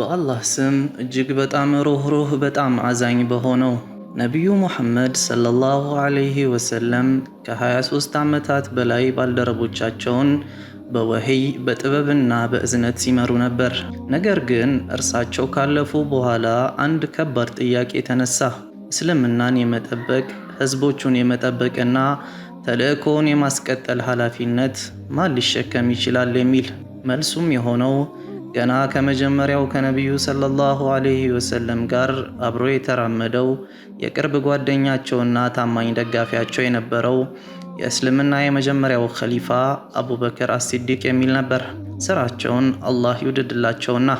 በአላህ ስም እጅግ በጣም ሩህሩህ በጣም አዛኝ በሆነው ነቢዩ ሙሐመድ ሰለላሁ ዓለይህ ወሰለም ከ23 ዓመታት በላይ ባልደረቦቻቸውን በወህይ በጥበብና በእዝነት ሲመሩ ነበር። ነገር ግን እርሳቸው ካለፉ በኋላ አንድ ከባድ ጥያቄ ተነሳ። እስልምናን የመጠበቅ ህዝቦቹን የመጠበቅና ተልእኮውን የማስቀጠል ኃላፊነት ማን ሊሸከም ይችላል የሚል መልሱም የሆነው ገና ከመጀመሪያው ከነቢዩ ሰለላሁ አለይህ ወሰለም ጋር አብሮ የተራመደው የቅርብ ጓደኛቸውና ታማኝ ደጋፊያቸው የነበረው የእስልምና የመጀመሪያው ኸሊፋ አቡበከር አስሲዲቅ የሚል ነበር። ስራቸውን አላህ ይውድድላቸውና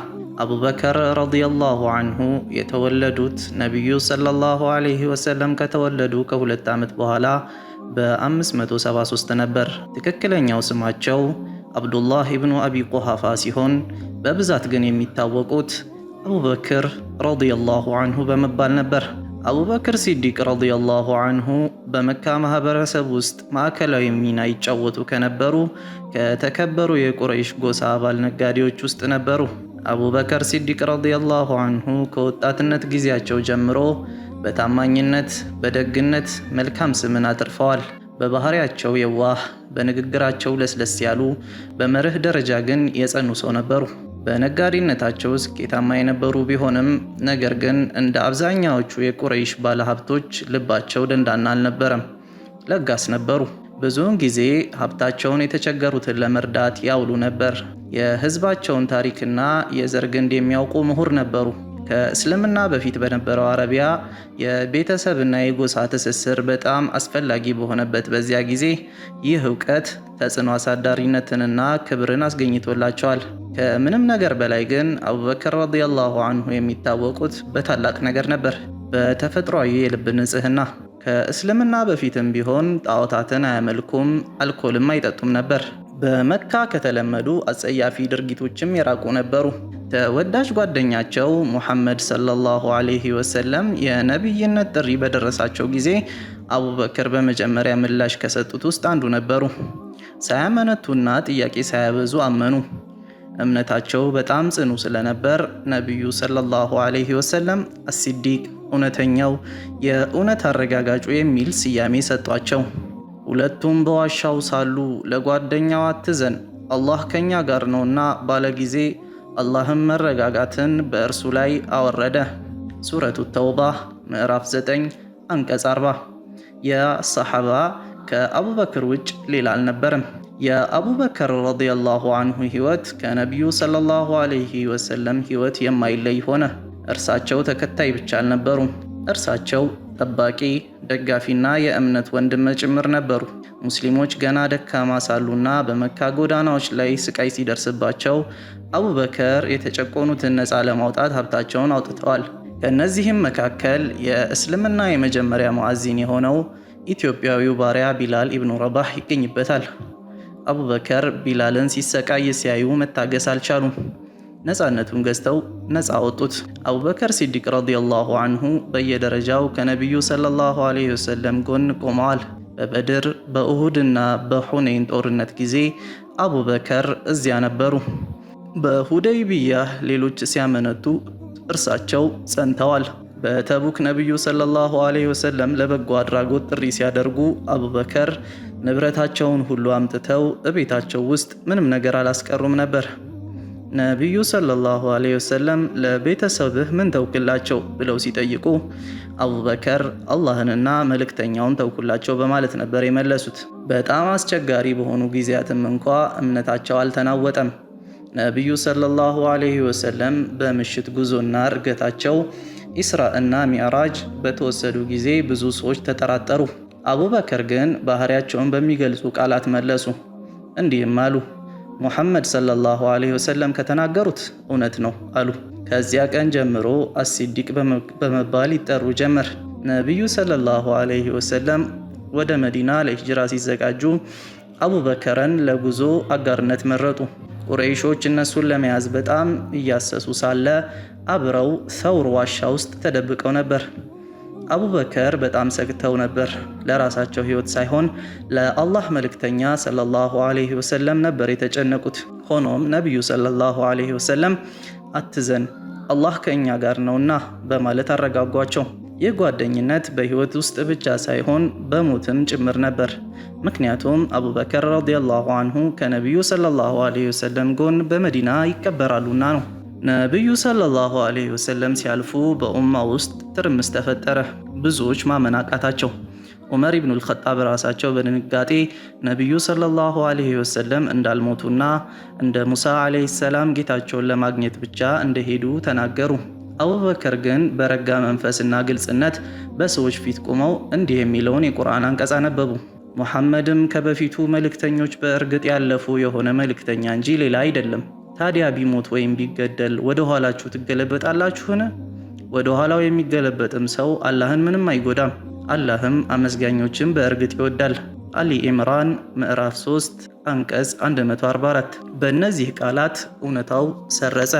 አቡበከር ረዲየላሁ አንሁ የተወለዱት ነቢዩ ሰለላሁ አለይህ ወሰለም ከተወለዱ ከሁለት ዓመት በኋላ በ573 ነበር። ትክክለኛው ስማቸው አብዱላህ ኢብኑ አቢ ቆሃፋ ሲሆን በብዛት ግን የሚታወቁት አቡበክር ረዲየላሁ አንሁ በመባል ነበር። አቡበክር ሲዲቅ ረዲየላሁ አንሁ በመካ ማህበረሰብ ውስጥ ማዕከላዊ ሚና ይጫወቱ ከነበሩ ከተከበሩ የቁረይሽ ጎሳ አባል ነጋዴዎች ውስጥ ነበሩ። አቡበከር ሲዲቅ ረዲየላሁ አንሁ ከወጣትነት ጊዜያቸው ጀምሮ በታማኝነት፣ በደግነት መልካም ስምን አትርፈዋል። በባህሪያቸው የዋህ በንግግራቸው ለስለስ ያሉ፣ በመርህ ደረጃ ግን የጸኑ ሰው ነበሩ። በነጋዴነታቸው ስኬታማ የነበሩ ቢሆንም ነገር ግን እንደ አብዛኛዎቹ የቁረይሽ ባለሀብቶች ልባቸው ደንዳና አልነበረም። ለጋስ ነበሩ። ብዙውን ጊዜ ሀብታቸውን የተቸገሩትን ለመርዳት ያውሉ ነበር። የህዝባቸውን ታሪክና የዘር ግንድ የሚያውቁ ምሁር ነበሩ። ከእስልምና በፊት በነበረው አረቢያ የቤተሰብና የጎሳ ትስስር በጣም አስፈላጊ በሆነበት በዚያ ጊዜ ይህ እውቀት ተጽዕኖ አሳዳሪነትንና ክብርን አስገኝቶላቸዋል። ከምንም ነገር በላይ ግን አቡበከር ረዲያላሁ አንሁ የሚታወቁት በታላቅ ነገር ነበር፣ በተፈጥሯዊ የልብ ንጽህና። ከእስልምና በፊትም ቢሆን ጣዖታትን አያመልኩም፣ አልኮልም አይጠጡም ነበር። በመካ ከተለመዱ አጸያፊ ድርጊቶችም የራቁ ነበሩ። ተወዳጅ ጓደኛቸው ሙሐመድ ሰለላሁ አለይሂ ወሰለም የነቢይነት ጥሪ በደረሳቸው ጊዜ አቡበከር በመጀመሪያ ምላሽ ከሰጡት ውስጥ አንዱ ነበሩ። ሳያመነቱና ጥያቄ ሳያበዙ አመኑ። እምነታቸው በጣም ጽኑ ስለነበር ነቢዩ ሰለላሁ አለይሂ ወሰለም አሲዲቅ እውነተኛው፣ የእውነት አረጋጋጩ የሚል ስያሜ ሰጧቸው። ሁለቱም በዋሻው ሳሉ ለጓደኛው አትዘን፣ አላህ ከኛ ጋር ነውና ባለ ጊዜ አላህም መረጋጋትን በእርሱ ላይ አወረደ። ሱረቱ ተውባ ምዕራፍ 9 አንቀጽ 40። የሰሐባ ከአቡበክር ውጭ ሌላ አልነበረም። የአቡበከር ረዲያላሁ አንሁ ህይወት ከነቢዩ ሰለላሁ አለይህ ወሰለም ህይወት የማይለይ ሆነ። እርሳቸው ተከታይ ብቻ አልነበሩም። እርሳቸው ጠባቂ፣ ደጋፊና የእምነት ወንድም ጭምር ነበሩ። ሙስሊሞች ገና ደካማ ሳሉና በመካ ጎዳናዎች ላይ ስቃይ ሲደርስባቸው አቡበከር የተጨቆኑትን ነፃ ለማውጣት ሀብታቸውን አውጥተዋል። ከእነዚህም መካከል የእስልምና የመጀመሪያ ሙዓዚን የሆነው ኢትዮጵያዊው ባሪያ ቢላል ኢብኑ ረባህ ይገኝበታል። አቡበከር ቢላልን ሲሰቃይ ሲያዩ መታገስ አልቻሉም። ነፃነቱን ገዝተው ነፃ አወጡት። አቡበከር ሲዲቅ ረዲየላሁ አንሁ በየደረጃው ከነቢዩ ሰለላሁ ዐለይሂ ወሰለም ጎን ቆመዋል። በበድር በእሁድና በሁኔን ጦርነት ጊዜ አቡበከር እዚያ ነበሩ። በሁደይቢያ ሌሎች ሲያመነቱ እርሳቸው ጸንተዋል። በተቡክ ነቢዩ ሰለላሁ ዐለይሂ ወሰለም ለበጎ አድራጎት ጥሪ ሲያደርጉ አቡበከር ንብረታቸውን ሁሉ አምጥተው እቤታቸው ውስጥ ምንም ነገር አላስቀሩም ነበር። ነቢዩ ሰለላሁ አለይሂ ወሰለም ለቤተሰብህ ምን ተውክላቸው ብለው ሲጠይቁ አቡበከር አላህንና መልእክተኛውን ተውኩላቸው በማለት ነበር የመለሱት። በጣም አስቸጋሪ በሆኑ ጊዜያትም እንኳ እምነታቸው አልተናወጠም። ነቢዩ ሰለላሁ አለይሂ ወሰለም በምሽት ጉዞና እርገታቸው ኢስራ እና ሚዕራጅ በተወሰዱ ጊዜ ብዙ ሰዎች ተጠራጠሩ። አቡበከር ግን ባህሪያቸውን በሚገልጹ ቃላት መለሱ። እንዲህም አሉ ሙሐመድ ሰለላሁ ዐለይሂ ወሰለም ከተናገሩት እውነት ነው አሉ። ከዚያ ቀን ጀምሮ አሲዲቅ በመባል ይጠሩ ጀመር። ነቢዩ ሰለላሁ ዐለይሂ ወሰለም ወደ መዲና ለሂጅራ ሲዘጋጁ አቡበከርን ለጉዞ አጋርነት መረጡ። ቁረይሾች እነሱን ለመያዝ በጣም እያሰሱ ሳለ አብረው ሰውር ዋሻ ውስጥ ተደብቀው ነበር። አቡበከር በጣም ሰግተው ነበር። ለራሳቸው ህይወት ሳይሆን ለአላህ መልእክተኛ ሰለላሁ አለይህ ወሰለም ነበር የተጨነቁት። ሆኖም ነቢዩ ሰለላሁ አለይህ ወሰለም አትዘን፣ አላህ ከእኛ ጋር ነውና በማለት አረጋጓቸው። ይህ ጓደኝነት በህይወት ውስጥ ብቻ ሳይሆን በሞትም ጭምር ነበር። ምክንያቱም አቡበከር ረዲየላሁ አንሁ ከነቢዩ ሰለላሁ አለይህ ወሰለም ጎን በመዲና ይቀበራሉና ነው። ነቢዩ ሰለላሁ አለይህ ወሰለም ሲያልፉ በኡማ ውስጥ ትርምስ ተፈጠረ። ብዙዎች ማመን አቃታቸው። ዑመር ኢብኑ ልኸጣብ ራሳቸው በድንጋጤ ነቢዩ ሰለላሁ አለይሂ ወሰለም እንዳልሞቱና እንደ ሙሳ አለይሂ ሰላም ጌታቸውን ለማግኘት ብቻ እንደሄዱ ተናገሩ። አቡበከር ግን በረጋ መንፈስና ግልጽነት በሰዎች ፊት ቆመው እንዲህ የሚለውን የቁርአን አንቀጽ አነበቡ። ሙሐመድም ከበፊቱ መልእክተኞች በእርግጥ ያለፉ የሆነ መልእክተኛ እንጂ ሌላ አይደለም። ታዲያ ቢሞት ወይም ቢገደል ወደ ኋላችሁ ትገለበጣላችሁን? ወደ ኋላው የሚገለበጥም ሰው አላህን ምንም አይጎዳም። አላህም አመስጋኞችን በእርግጥ ይወዳል። አሊ ኢምራን ምዕራፍ 3 አንቀጽ 144። በእነዚህ ቃላት እውነታው ሰረጸ።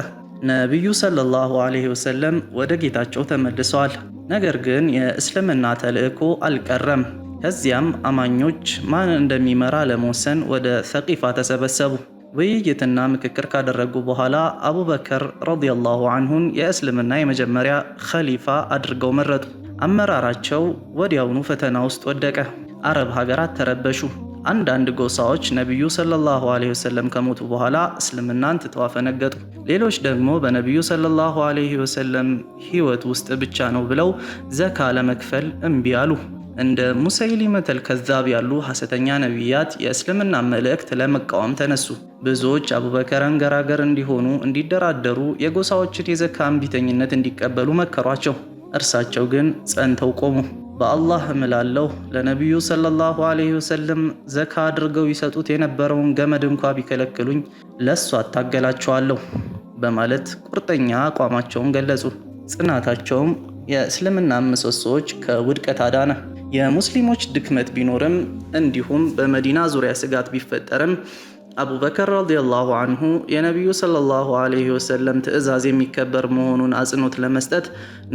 ነቢዩ ሰለላሁ ዐለይሂ ወሰለም ወደ ጌታቸው ተመልሰዋል። ነገር ግን የእስልምና ተልእኮ አልቀረም። ከዚያም አማኞች ማን እንደሚመራ ለመወሰን ወደ ሰቂፋ ተሰበሰቡ። ውይይትና ምክክር ካደረጉ በኋላ አቡበከር ረዲየላሁ አንሁን የእስልምና የመጀመሪያ ኸሊፋ አድርገው መረጡ። አመራራቸው ወዲያውኑ ፈተና ውስጥ ወደቀ። አረብ ሀገራት ተረበሹ። አንዳንድ ጎሳዎች ነቢዩ ሰለላሁ ዐለይሂ ወሰለም ከሞቱ በኋላ እስልምናን ትተው አፈነገጡ። ሌሎች ደግሞ በነቢዩ ሰለላሁ ዐለይሂ ወሰለም ሕይወት ውስጥ ብቻ ነው ብለው ዘካ ለመክፈል እምቢ አሉ። እንደ ሙሰይሊመተል ከዛብ ያሉ ሐሰተኛ ነቢያት የእስልምና መልእክት ለመቃወም ተነሱ። ብዙዎች አቡበከር ገራገር እንዲሆኑ፣ እንዲደራደሩ፣ የጎሳዎችን የዘካ እምቢተኝነት እንዲቀበሉ መከሯቸው። እርሳቸው ግን ጸንተው ቆሙ። በአላህ እምላለሁ ለነቢዩ ሰለላሁ ዐለይሂ ወሰለም ዘካ አድርገው ይሰጡት የነበረውን ገመድ እንኳ ቢከለክሉኝ ለእሱ አታገላቸዋለሁ በማለት ቁርጠኛ አቋማቸውን ገለጹ። ጽናታቸውም የእስልምና ምሰሶዎች ከውድቀት አዳነ። የሙስሊሞች ድክመት ቢኖርም እንዲሁም በመዲና ዙሪያ ስጋት ቢፈጠርም አቡበከር ረዲየላሁ አንሁ የነቢዩ ሰለላሁ ዐለይሂ ወሰለም ትእዛዝ የሚከበር መሆኑን አጽንኦት ለመስጠት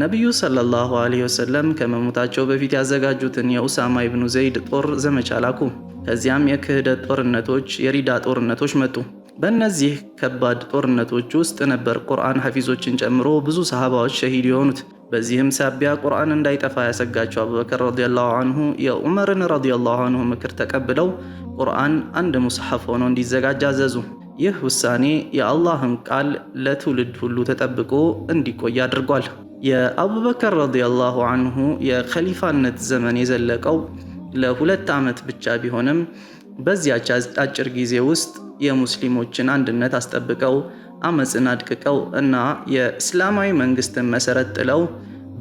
ነቢዩ ሰለላሁ ዐለይሂ ወሰለም ከመሞታቸው በፊት ያዘጋጁትን የኡሳማ ኢብኑ ዘይድ ጦር ዘመቻ ላኩ። ከዚያም የክህደት ጦርነቶች፣ የሪዳ ጦርነቶች መጡ። በእነዚህ ከባድ ጦርነቶች ውስጥ ነበር ቁርአን ሐፊዞችን ጨምሮ ብዙ ሰሃባዎች ሸሂድ የሆኑት። በዚህም ሳቢያ ቁርአን እንዳይጠፋ ያሰጋቸው አቡበከር ረዲየላሁ አንሁ የዑመርን ረዲየላሁ አንሁ ምክር ተቀብለው ቁርአን አንድ ሙስሐፍ ሆኖ እንዲዘጋጅ አዘዙ። ይህ ውሳኔ የአላህን ቃል ለትውልድ ሁሉ ተጠብቆ እንዲቆይ አድርጓል። የአቡበከር ረዲየላሁ አንሁ የኸሊፋነት ዘመን የዘለቀው ለሁለት ዓመት ብቻ ቢሆንም በዚያች አጭር ጊዜ ውስጥ የሙስሊሞችን አንድነት አስጠብቀው አመፅን አድቅቀው እና የእስላማዊ መንግስትን መሰረት ጥለው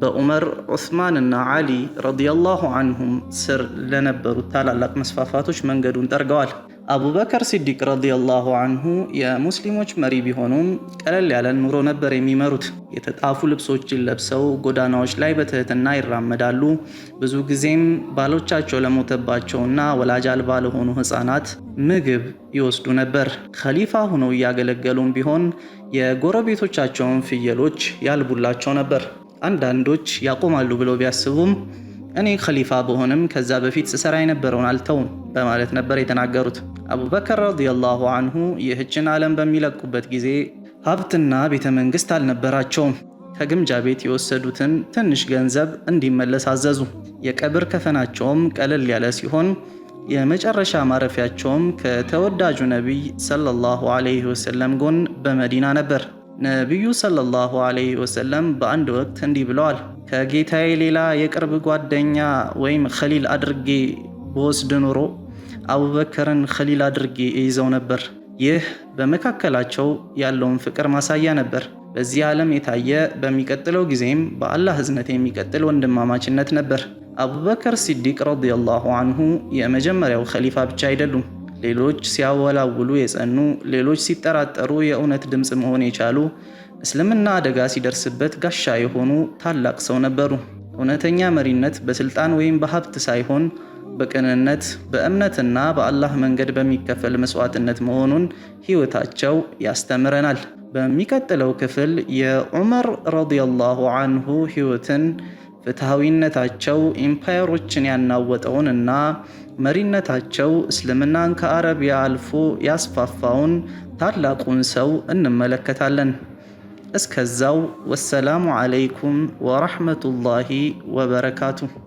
በዑመር ዑስማን እና ዓሊ ረዲየላሁ አንሁም ስር ለነበሩት ታላላቅ መስፋፋቶች መንገዱን ጠርገዋል። አቡበከር ሲዲቅ ረዲየላሁ አንሁ የሙስሊሞች መሪ ቢሆኑም ቀለል ያለ ኑሮ ነበር የሚመሩት። የተጣፉ ልብሶችን ለብሰው ጎዳናዎች ላይ በትህትና ይራመዳሉ። ብዙ ጊዜም ባሎቻቸው ለሞተባቸውና ወላጅ አልባ ለሆኑ ሕፃናት ምግብ ይወስዱ ነበር። ከሊፋ ሆነው እያገለገሉም ቢሆን የጎረቤቶቻቸውን ፍየሎች ያልቡላቸው ነበር። አንዳንዶች ያቆማሉ ብለው ቢያስቡም እኔ ከሊፋ በሆንም ከዛ በፊት ስሰራ የነበረውን አልተውም በማለት ነበር የተናገሩት። አቡበከር ረዲየላሁ አንሁ ይህችን ዓለም በሚለቁበት ጊዜ ሀብትና ቤተ መንግስት አልነበራቸውም። ከግምጃ ቤት የወሰዱትን ትንሽ ገንዘብ እንዲመለስ አዘዙ። የቀብር ከፈናቸውም ቀለል ያለ ሲሆን የመጨረሻ ማረፊያቸውም ከተወዳጁ ነቢይ ሰለላሁ አለይህ ወሰለም ጎን በመዲና ነበር። ነቢዩ ሰለላሁ አለይሂ ወሰለም በአንድ ወቅት እንዲህ ብለዋል፣ ከጌታዬ ሌላ የቅርብ ጓደኛ ወይም ኸሊል አድርጌ በወስድ ኑሮ አቡበከርን ኸሊል አድርጌ እይዘው ነበር። ይህ በመካከላቸው ያለውን ፍቅር ማሳያ ነበር። በዚህ ዓለም የታየ በሚቀጥለው ጊዜም በአላህ ህዝነት የሚቀጥል ወንድማማችነት ነበር። አቡበከር ሲዲቅ ረዲየላሁ አንሁ የመጀመሪያው ኸሊፋ ብቻ አይደሉም። ሌሎች ሲያወላውሉ የጸኑ፣ ሌሎች ሲጠራጠሩ የእውነት ድምፅ መሆን የቻሉ፣ እስልምና አደጋ ሲደርስበት ጋሻ የሆኑ ታላቅ ሰው ነበሩ። እውነተኛ መሪነት በስልጣን ወይም በሀብት ሳይሆን በቅንነት በእምነትና በአላህ መንገድ በሚከፈል መስዋዕትነት መሆኑን ህይወታቸው ያስተምረናል። በሚቀጥለው ክፍል የዑመር ረዲየላሁ አንሁ ሕይወትን፣ ፍትሐዊነታቸው፣ ኢምፓየሮችን ያናወጠውን እና መሪነታቸው እስልምናን ከአረቢያ አልፎ ያስፋፋውን ታላቁን ሰው እንመለከታለን። እስከዛው ወሰላሙ ዓለይኩም ወረሕመቱላሂ ወበረካቱ።